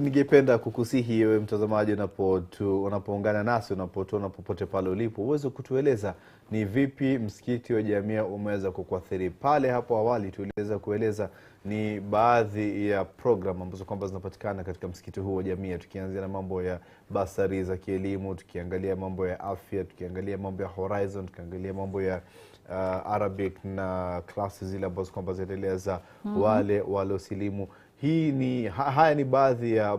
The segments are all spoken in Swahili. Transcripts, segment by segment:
Ningependa kukusihi wewe mtazamaji, unapoungana nasi, unapotuona popote pale ulipo, uweze kutueleza ni vipi msikiti wa Jamia umeweza kukuathiri. Pale hapo awali tuliweza kueleza ni baadhi ya programu ambazo kwamba zinapatikana katika msikiti huu wa Jamia, tukianzia na mambo ya basari za kielimu, tukiangalia mambo ya afya, tukiangalia mambo ya Horizon, tukiangalia mambo ya uh, Arabic na klasi zile ambazo kwamba zinaendelea za mm-hmm. wale waliosilimu hii ni, haya ni baadhi ya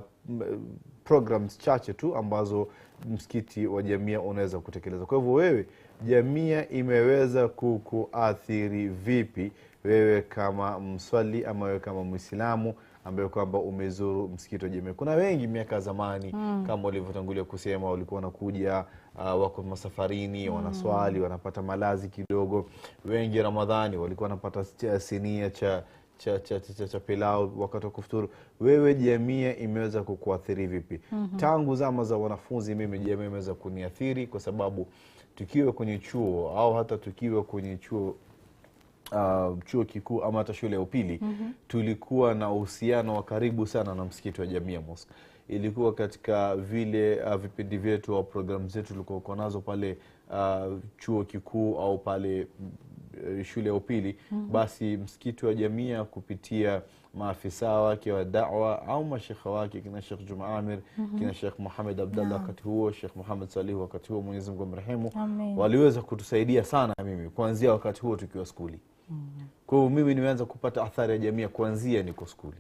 programs chache tu ambazo msikiti wa Jamia unaweza kutekeleza. Kwa hivyo wewe, Jamia imeweza kukuathiri vipi wewe kama mswali ama wewe kama Mwislamu ambayo kwamba umezuru msikiti wa Jamia. Kuna wengi miaka ya zamani mm. kama walivyotangulia kusema walikuwa wanakuja uh, wako masafarini mm. wanaswali wanapata malazi kidogo. Wengi Ramadhani walikuwa wanapata eh, sinia cha cha, cha, cha, cha pilau wakati wa kufuturu, wewe jamia imeweza kukuathiri vipi? mm -hmm. Tangu zama za wanafunzi, mimi jamia imeweza kuniathiri kwa sababu tukiwa kwenye chuo au hata tukiwa kwenye chuo Uh, chuo kikuu ama hata shule ya upili mm -hmm. Tulikuwa na uhusiano wa karibu sana na msikiti wa Jamia mosk Ilikuwa katika vile uh, vipindi vyetu au programu zetu tulikuwa nazo pale uh, chuo kikuu au pale Eh, shule ya upili mm -hmm. Basi msikiti wa Jamia kupitia maafisa wake wa dawa au mashekha wake kina Shekh Juma Amir mm -hmm. kina Shekh Muhamed Abdallah no. wakati huo Shekh Muhamed Salihu wakati huo, Mwenyezi Mungu amrehemu, waliweza kutusaidia sana mimi kuanzia wakati huo tukiwa skuli mm -hmm. Kwa hiyo mimi nimeanza kupata athari ya Jamia kuanzia niko skuli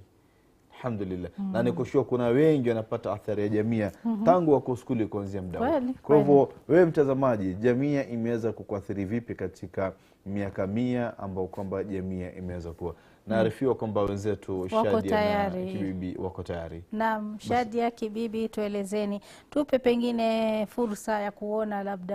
alhamdulillah mm. na nikushua kuna wengi wanapata athari ya jamia mm -hmm. tangu wako skuli kuanzia mda. Kwa hivyo wewe mtazamaji, jamia imeweza kukuathiri vipi katika miaka mia ambao kwamba jamia imeweza kuwa mm. naarifiwa kwamba wenzetu Shadia na Kibibi wako tayari. Naam, Shadia Kibibi, tuelezeni, tupe pengine fursa ya kuona labda